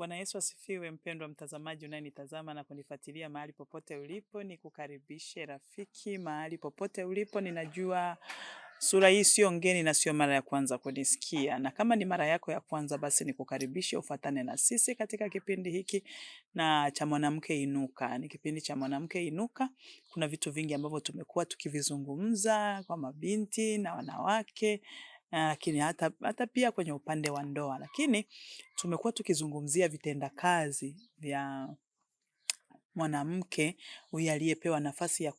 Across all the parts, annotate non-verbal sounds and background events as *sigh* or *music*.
Bwana Yesu asifiwe. Mpendwa mtazamaji unayenitazama na kunifuatilia mahali popote ulipo, nikukaribishe rafiki mahali popote ulipo. Ninajua sura hii sio ngeni na sio mara ya kwanza kunisikia, na kama ni mara yako ya kwanza, basi nikukaribishe ufatane na sisi katika kipindi hiki na cha mwanamke inuka. Ni kipindi cha mwanamke inuka. Kuna vitu vingi ambavyo tumekuwa tukivizungumza kwa mabinti na wanawake Eh, lakini hata, hata pia kwenye upande wa ndoa, lakini tumekuwa tukizungumzia vitendakazi vya mwanamke huyu aliyepewa nafasi ya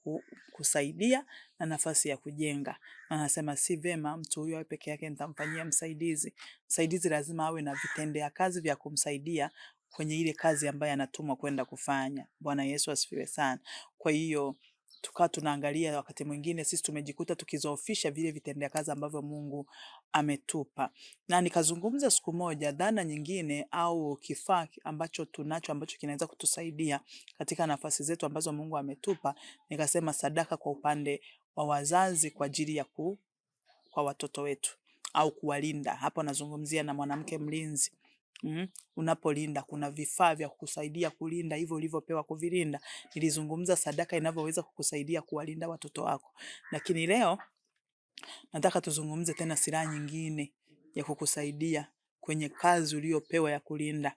kusaidia na nafasi ya kujenga. Anasema si vema mtu huyu awe peke yake, nitamfanyia msaidizi. Msaidizi lazima awe na vitendea kazi vya kumsaidia kwenye ile kazi ambayo anatumwa kwenda kufanya. Bwana Yesu asifiwe sana. Kwa hiyo tukawa tunaangalia, wakati mwingine sisi tumejikuta tukizoofisha vile vitendea kazi ambavyo Mungu ametupa. Na nikazungumza siku moja dhana nyingine au kifaa ambacho tunacho ambacho kinaweza kutusaidia katika nafasi zetu ambazo Mungu ametupa, nikasema sadaka kwa upande wa wazazi kwa ajili ya ku, kwa watoto wetu au kuwalinda. Hapo nazungumzia na mwanamke mlinzi Mm, unapolinda kuna vifaa vya kukusaidia kulinda hivyo ulivyopewa kuvilinda. Nilizungumza sadaka inavyoweza kukusaidia kuwalinda watoto wako, lakini leo nataka tuzungumze tena silaha nyingine ya kukusaidia kwenye kazi uliyopewa ya kulinda.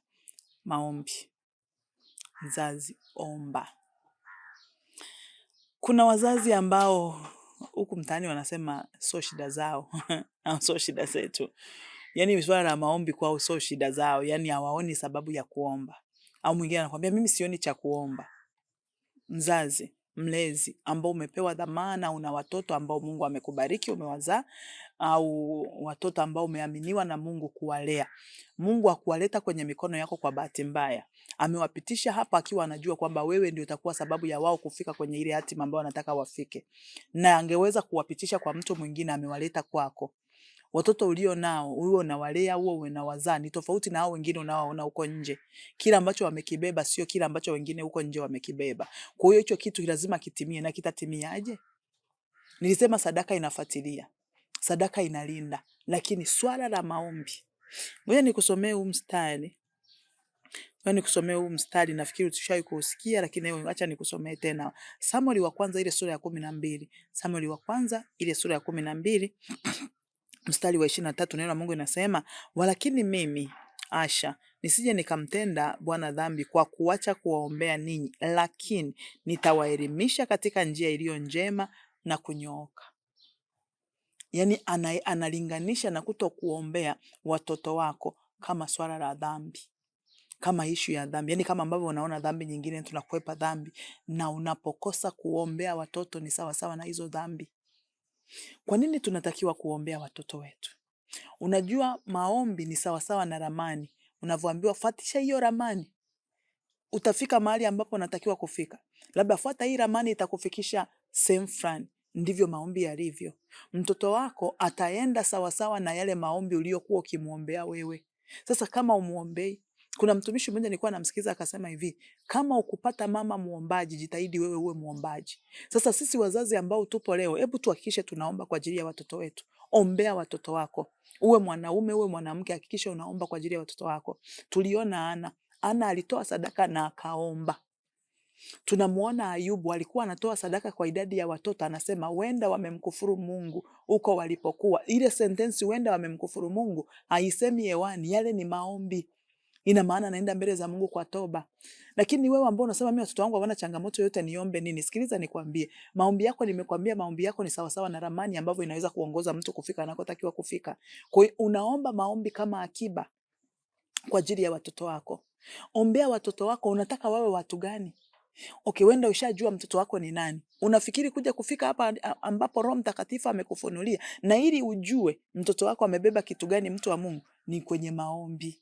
Maombi. Mzazi, omba. Kuna wazazi ambao huku mtaani wanasema sio shida zao au *laughs* sio shida zetu yani swala la maombi kwao sio shida zao, yani hawaoni sababu ya kuomba. Au mwingine anakuambia mimi sioni cha kuomba. Mzazi mlezi ambao umepewa dhamana, una watoto ambao Mungu amekubariki umewazaa, au watoto ambao umeaminiwa na Mungu kuwalea. Mungu akuwaleta kwenye mikono yako kwa bahati mbaya, amewapitisha hapa akiwa anajua kwamba wewe ndio utakuwa sababu ya wao kufika kwenye ile hatima ambayo wanataka wafike, na angeweza kuwapitisha kwa mtu mwingine, amewaleta kwako watoto ulio nao uwe na walea uwe una wazaa ni tofauti na hao wengine unaoona huko nje. Kila ambacho wamekibeba sio kila ambacho wengine huko nje wamekibeba. Kwa hiyo hicho kitu lazima kitimie, na kitatimiaje? Nilisema sadaka inafuatilia, sadaka inalinda, lakini swala la maombi. Ngoja nikusomee huu mstari Ngoja nikusomee huu mstari, nafikiri utushawahi kusikia, lakini leo acha nikusomee tena. Samueli wa kwanza ile sura ya kumi na mbili Samueli wa kwanza ile sura ya kumi na mbili mstari wa ishirini na tatu neno la Mungu inasema walakini mimi Asha nisije nikamtenda Bwana dhambi kwa kuacha kuwaombea ninyi, lakini nitawaelimisha katika njia iliyo njema na kunyooka. Yaani analinganisha na kuto kuombea watoto wako kama swala la dhambi, kama ishu ya dhambi, yaani kama ambavyo unaona dhambi nyingine tunakwepa dhambi, na unapokosa kuombea watoto ni sawasawa na hizo dhambi. Kwa nini tunatakiwa kuombea watoto wetu? Unajua, maombi ni sawasawa na ramani. Unavyoambiwa fuatisha hiyo ramani, utafika mahali ambapo unatakiwa kufika. Labda fuata hii ramani, itakufikisha sehemu fulani. Ndivyo maombi yalivyo. Mtoto wako ataenda sawasawa na yale maombi uliyokuwa ukimwombea wewe. Sasa kama umuombei, kuna mtumishi mmoja nilikuwa namsikiliza akasema hivi, kama ukupata mama muombaji, jitahidi wewe uwe muombaji. Sasa sisi wazazi ambao tupo leo, hebu tuhakikishe tunaomba kwa ajili ya watoto wetu. Ombea watoto wako, uwe mwanaume uwe mwanamke, hakikisha unaomba kwa ajili ya watoto wako. Tuliona Ana, Ana alitoa sadaka na akaomba. Tunamuona Ayubu alikuwa anatoa sadaka kwa idadi ya watoto, anasema wenda wamemkufuru Mungu huko walipokuwa. Ile sentensi wenda wamemkufuru Mungu haisemi hewani, yale ni maombi. Ina maana naenda mbele za Mungu kwa toba. Lakini wewe ambao unasema mimi watoto wangu hawana changamoto yote, niombe nini? Sikiliza nikwambie, maombi yako nimekwambia, maombi yako ni sawasawa na ramani ambavyo inaweza kuongoza mtu kufika anakotakiwa kufika. Kwa hiyo unaomba maombi kama akiba kwa ajili ya watoto wako. Ombea watoto wako, unataka wawe watu gani? Okay, wenda ushajua mtoto wako ni nani. Unafikiri kuja kufika hapa ambapo Roho Mtakatifu amekufunulia, na ili ujue mtoto wako amebeba kitu gani, mtu wa Mungu, ni kwenye maombi.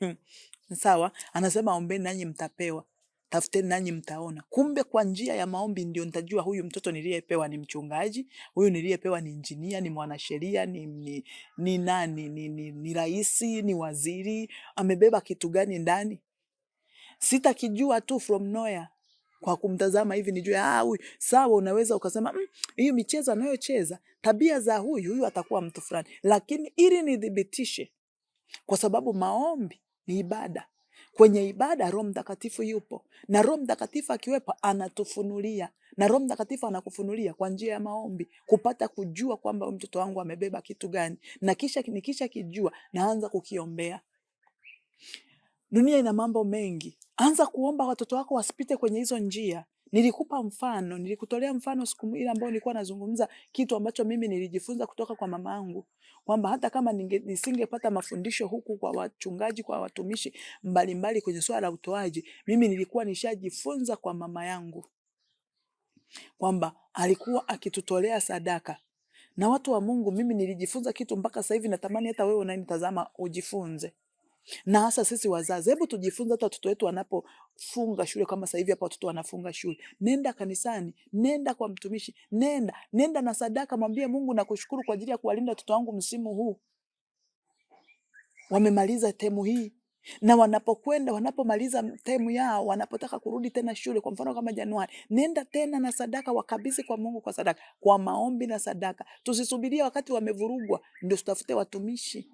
*laughs* Sawa, anasema ombeni nanyi mtapewa, tafuteni nanyi mtaona. Kumbe kwa njia ya maombi ndio nitajua huyu mtoto niliyepewa ni mchungaji, huyu niliyepewa ni injinia, ni mwanasheria, ni, ni, ni nani, ni, ni, ni rais, ni waziri, amebeba kitu gani ndani. Sitakijua tu from nowhere kwa kumtazama hivi nijue, ah, huyu sawa. Unaweza ukasema mm, hiyo michezo anayocheza tabia za huyu huyu, atakuwa mtu fulani, lakini ili nidhibitishe, kwa sababu maombi ni ibada. Kwenye ibada Roho Mtakatifu yupo, na Roho Mtakatifu akiwepo anatufunulia, na Roho Mtakatifu anakufunulia kwa njia ya maombi, kupata kujua kwamba mtoto wangu amebeba kitu gani, na kisha nikisha kijua naanza kukiombea. Dunia ina mambo mengi, anza kuomba watoto wako wasipite kwenye hizo njia. Nilikupa mfano, nilikutolea mfano siku ile ambayo nilikuwa nazungumza kitu ambacho mimi nilijifunza kutoka kwa mama kwamba hata kama nisingepata mafundisho huku kwa wachungaji, kwa watumishi mbalimbali kwenye swala la utoaji, mimi nilikuwa nishajifunza kwa mama yangu kwamba alikuwa akitutolea sadaka na watu wa Mungu. Mimi nilijifunza kitu mpaka sasa hivi natamani hata wewe unanitazama ujifunze na hasa sisi wazazi, hebu tujifunze hata watoto wetu wanapofunga shule. Kama sasa hivi hapa watoto wanafunga shule, nenda kanisani, nenda kwa mtumishi, nenda nenda na sadaka, mwambie Mungu nakushukuru kwa ajili ya kuwalinda watoto wangu msimu huu. Wamemaliza temu hii na wanapokwenda wanapomaliza temu yao, wanapotaka kurudi tena shule, kwa mfano kama Januari, nenda tena na sadaka, wakabidhi kwa Mungu kwa sadaka, kwa maombi na sadaka. Tusisubirie wakati wamevurugwa ndio tutafute watumishi.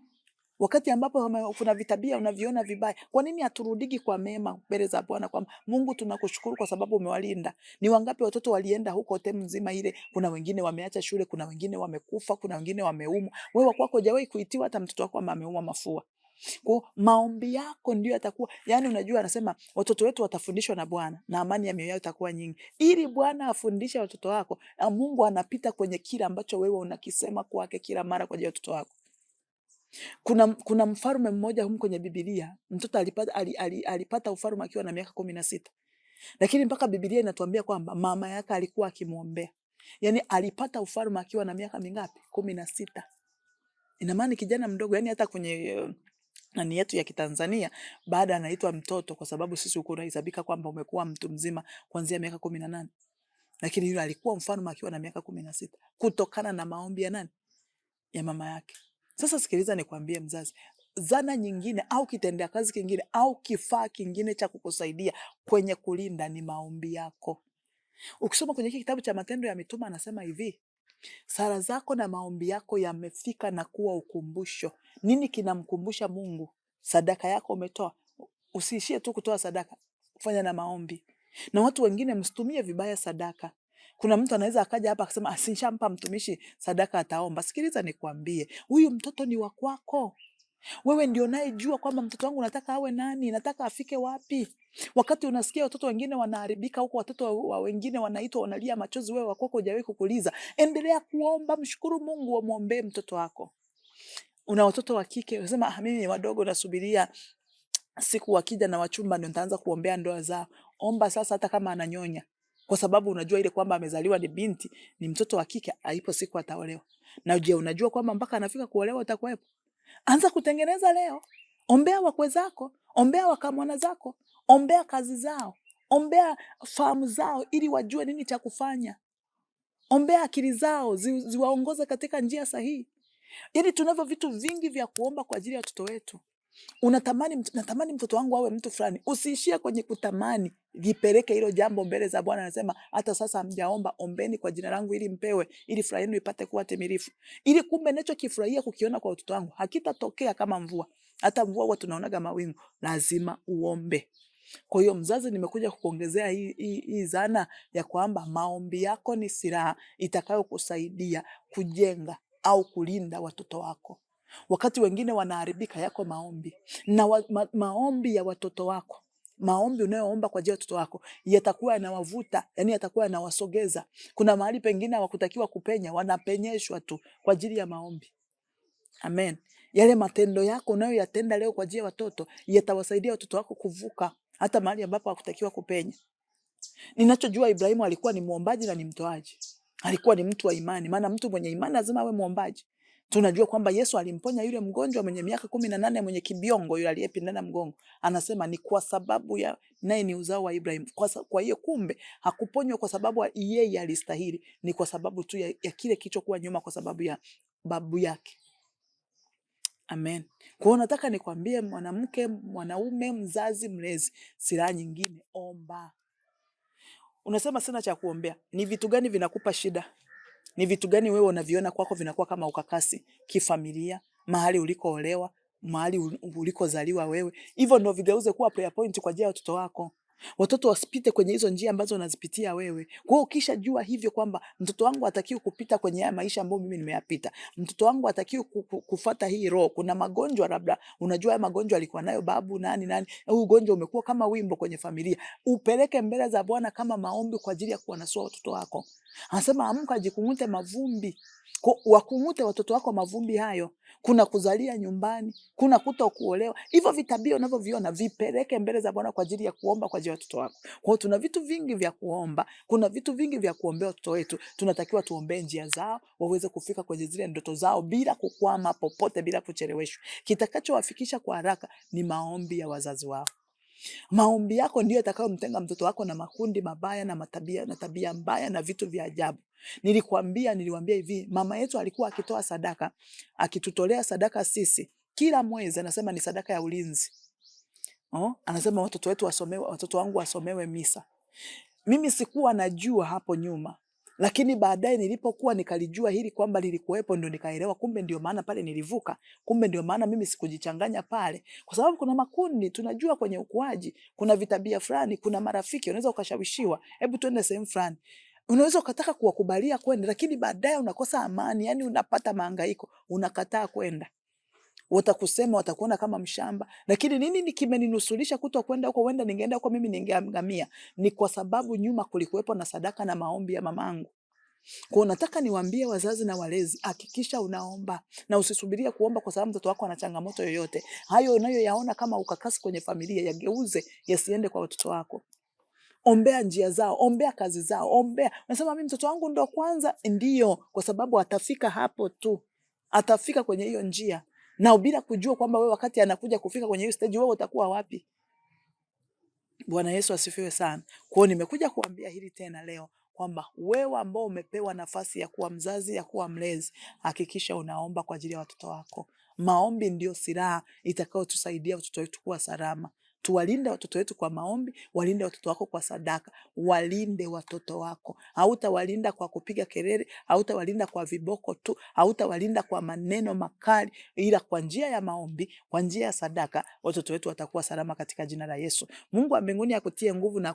Wakati ambapo kuna vitabia unaviona vibaya, kwa nini haturudiki kwa mema mbele za Bwana? Kwamba Mungu, tunakushukuru kwa sababu umewalinda. Ni wangapi watoto walienda huko temu nzima ile? Kuna wengine wameacha shule, kuna wengine wamekufa, kuna wengine wameumwa. Wewe kwako hujawahi kuitiwa hata mtoto wako ameumwa mafua. Kwa maombi yako ndio yatakuwa, yani unajua, anasema watoto wetu watafundishwa na Bwana na amani ya mioyo yao itakuwa nyingi. Ili Bwana afundishe watoto wako, na Mungu anapita kwenye kile ambacho wewe unakisema kwake kila mara kwa ajili ya watoto wako. Kuna, kuna mfalme mmoja humu kwenye Bibilia, mtoto alipata, ali, ali, alipata ufalme akiwa na miaka kumi na sita lakini mpaka Bibilia inatuambia kwamba mama yake alikuwa akimwombea. Yani alipata ufalme akiwa na miaka mingapi? kumi na sita. Ina maana kijana mdogo, yani hata kwenye nani yetu ya Kitanzania baada anaitwa mtoto, kwa sababu sisi huku unahesabika kwamba umekuwa mtu mzima kuanzia miaka kumi na nane lakini yule alikuwa mfalme akiwa na miaka kumi na sita kutokana na maombi ya nani? Ya mama yake. Sasa sikiliza, nikwambie mzazi, zana nyingine au kitendea kazi kingine au kifaa kingine cha kukusaidia kwenye kulinda ni maombi yako. Ukisoma kwenye hiki kitabu cha Matendo ya Mitume anasema hivi, sala zako na maombi yako yamefika na kuwa ukumbusho. Nini kinamkumbusha Mungu? Sadaka yako umetoa, usiishie tu kutoa sadaka, fanya na maombi. Na watu wengine msitumie vibaya sadaka. Kuna mtu anaweza akaja hapa akasema asishampa ah, mtumishi sadaka ataomba. Sikiliza nikwambie, huyu mtoto ni wa kwako. Wewe ndio unayejua kwamba mtoto wangu nataka awe nani, nataka afike wapi. Wakati unasikia watoto wengine wanaharibika huko, watoto wa wengine wanaitwa wanalia machozi, wewe wakwako hujawahi kukuliza. Endelea kuomba, mshukuru Mungu, wamwombee mtoto wako. Una watoto wa kike, unasema ah, mimi ni wadogo, nasubiria siku wakija na wachumba ndio nitaanza kuombea ndoa zao. Omba sasa, hata kama ananyonya kwa sababu unajua ile kwamba amezaliwa ni binti, ni mtoto wa kike, aipo siku ataolewa. Na je, unajua kwamba mpaka anafika kuolewa utakuwepo? Anza kutengeneza leo. Ombea wakwe zako, ombea wakamwana zako, ombea kazi zao, ombea fahamu zao, ili wajue nini cha kufanya. Ombea akili zao zi, ziwaongoze katika njia sahihi. Yaani tunavyo vitu vingi vya kuomba kwa ajili ya watoto wetu. Unatamani, natamani mtoto wangu awe mtu fulani. Usiishie kwenye kutamani, lipeleke hilo jambo mbele za Bwana. Anasema hata sasa hamjaomba, ombeni kwa jina langu ili mpewe, ili furaha yenu ipate kuwa timilifu, ili kumbe nacho kifurahia kukiona kwa watoto wangu hakitatokea kama mvua. Hata mvua huwa tunaonaga mawingu, lazima uombe. Kwa hiyo mzazi, nimekuja kukuongezea hii, hii, hii zana ya kwamba maombi yako ni silaha itakayokusaidia kujenga au kulinda watoto wako. Wakati wengine wanaharibika yako maombi na wa, ma, maombi ya watoto wako, maombi unayoomba kwa ajili ya watoto wako yatakuwa yanawavuta, yani yatakuwa yanawasogeza. Kuna mahali pengine hawakutakiwa kupenya, wanapenyeshwa tu kwa ajili ya maombi. Amen. Yale matendo yako unayoyatenda leo kwa ajili ya watoto yatawasaidia watoto wako kuvuka hata mahali ambapo hakutakiwa kupenya. Ninachojua Ibrahimu alikuwa ni mwombaji na ni mtoaji, alikuwa ni mtu wa imani, maana mtu mwenye imani lazima awe mwombaji. Tunajua kwamba Yesu alimponya yule mgonjwa mwenye miaka kumi na nane mwenye kibiongo yule aliyepindana mgongo, anasema ni kwa sababu ya naye ni uzao wa Ibrahim. Kwa, kwa hiyo kumbe hakuponywa kwa sababu yeye alistahili, ni kwa sababu tu ya, ya kile kilichokuwa nyuma, kwa sababu ya babu yake. Amen. Kwa hiyo nataka nikwambie mwanamke, mwanaume, mzazi, mlezi, silaha nyingine, omba. Unasema sina cha kuombea, ni vitu gani vinakupa shida? Ni vitu gani wewe unaviona kwako vinakuwa kama ukakasi kifamilia, mahali ulikoolewa, mahali ulikozaliwa wewe? Hivyo ndio vigeuze kuwa prayer point kwa ajili ya watoto wako watoto wasipite kwenye hizo njia ambazo unazipitia wewe. Kwa hiyo ukishajua hivyo kwamba mtoto wangu atakiwa kupita kwenye haya maisha ambayo mimi nimeyapita, mtoto wangu atakiwa kufata hii roho. Kuna magonjwa labda, unajua haya magonjwa alikuwa nayo babu nani nani, huu ugonjwa umekuwa kama wimbo kwenye familia, upeleke mbele za Bwana kama maombi kwa ajili ya kuwanasua watoto wako. Anasema amka, ajikung'ute mavumbi wakung'ute watoto wako mavumbi hayo. Kuna kuzalia nyumbani, kuna kuto kuolewa. Hivyo vitabia unavyoviona vipeleke mbele za Bwana kwa ajili ya kuomba kwa malezi ya watoto wako. Kwa hiyo tuna vitu vingi vya kuomba, kuna vitu vingi vya kuombea watoto wetu. Tunatakiwa tuombee njia zao, waweze kufika kwenye zile ndoto zao bila kukwama popote, bila kucheleweshwa. Kitakachowafikisha kwa haraka ni maombi ya wazazi wao. Maombi yako ndiyo yatakayomtenga mtoto wako na makundi mabaya na matabia, na tabia mbaya na vitu vya ajabu. Nilikwambia, niliwambia hivi, mama yetu alikuwa akitoa sadaka, akitutolea sadaka sisi kila mwezi, anasema ni sadaka ya ulinzi Oh, anasema watoto wetu wasomewe, watoto wangu wasomewe misa. Mimi sikuwa najua hapo nyuma, lakini baadaye nilipokuwa nikalijua hili kwamba lilikuwepo, ndio nikaelewa, kumbe ndio maana pale nilivuka, kumbe ndio maana mimi sikujichanganya pale, kwa sababu kuna makundi tunajua, kwenye ukuaji kuna vitabia fulani, kuna marafiki unaweza ukashawishiwa, hebu twende sehemu fulani unaweza ukataka kuwakubalia kwenda, lakini baadaye unakosa amani, yani unapata maangaiko, unakataa kwenda watakusema, watakuona kama mshamba. Lakini nini kimeninusulisha kuto kwenda huko? Wenda ningeenda huko mimi ningeangamia. Ni kwa sababu nyuma kulikuwepo na sadaka na maombi ya mamangu. Kwa nataka niwaambie wazazi na walezi, hakikisha unaomba na usisubiria kuomba kwa sababu mtoto wako ana changamoto yoyote. Hayo unayoyaona kama ukakasi kwenye familia, yageuze yasiende kwa watoto wako. Ombea njia zao, ombea kazi zao, ombea. Nasema mimi mtoto wangu ndo kwanza, ndio, kwa sababu atafika hapo tu, atafika kwenye hiyo njia na bila kujua kwamba wewe wakati anakuja kufika kwenye hiyo stage wewe utakuwa wapi. Bwana Yesu asifiwe sana. Kwa hiyo nimekuja kuambia hili tena leo kwamba wewe ambao umepewa nafasi ya kuwa mzazi, ya kuwa mlezi, hakikisha unaomba kwa ajili ya watoto wako. Maombi ndiyo silaha itakayotusaidia watoto wetu kuwa salama. Tuwalinde watoto wetu kwa maombi, walinde watoto wako kwa sadaka, walinde watoto wako. Hautawalinda kwa kupiga kelele, hautawalinda kwa viboko tu, hautawalinda kwa maneno makali, ila kwa njia ya maombi, kwa njia ya sadaka, watoto wetu watakuwa salama katika jina la Yesu. Mungu wa mbinguni akutie nguvu na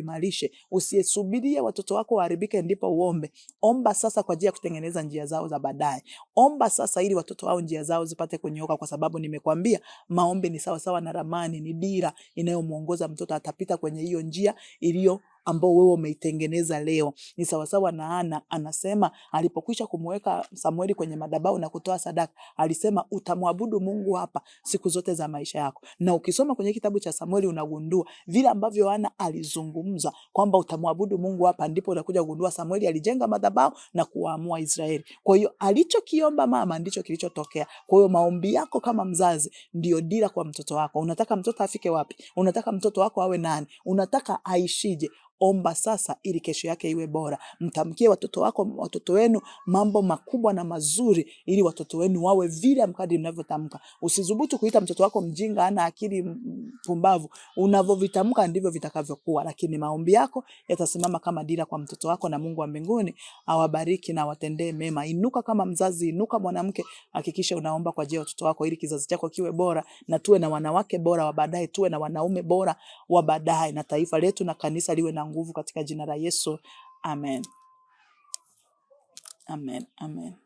imarishe. Usisubirie watoto wako waharibike ndipo uombe. Omba sasa kwa ajili ya kutengeneza njia zao za baadaye. Omba sasa ili watoto wao njia zao zipate kunyooka, kwa sababu nimekwambia maombi ni sawasawa na ramani, ni dira inayomwongoza mtoto, atapita kwenye hiyo njia iliyo ambao wewe umeitengeneza leo. Ni sawasawa na Ana anasema alipokwisha kumweka Samueli kwenye madhabahu na kutoa sadaka, alisema utamwabudu Mungu hapa siku zote za maisha yako. Na ukisoma kwenye kitabu cha Samueli unagundua vile ambavyo Ana alizungumza kwamba utamwabudu Mungu hapa, ndipo unakuja kugundua Samueli alijenga madhabahu na kuwaamua Israeli. Kwa hiyo alichokiomba mama ndicho kilichotokea. Kwa hiyo maombi yako kama mzazi ndio dira kwa mtoto wako. Unataka mtoto afike wapi? Unataka mtoto wako awe nani? Unataka aishije? omba sasa ili kesho yake iwe bora. Mtamkie watoto wako, watoto wenu mambo makubwa na mazuri, ili watoto wenu wawe vile mkadi mnavyotamka. Usizubutu kuita mtoto wako mjinga, ana akili, pumbavu. Unavyovitamka ndivyo vitakavyokuwa, lakini maombi yako yatasimama kama dira kwa mtoto wako, na Mungu wa mbinguni awabariki na watendee mema. Inuka kama mzazi, inuka mwanamke, hakikisha unaomba kwa ajili ya watoto wako, ili kizazi chako kiwe bora, na tuwe na wanawake bora wa baadaye, tuwe na wanaume bora wa baadaye, na taifa letu na kanisa liwe na nguvu katika jina la Yesu. Amen, amen, amen.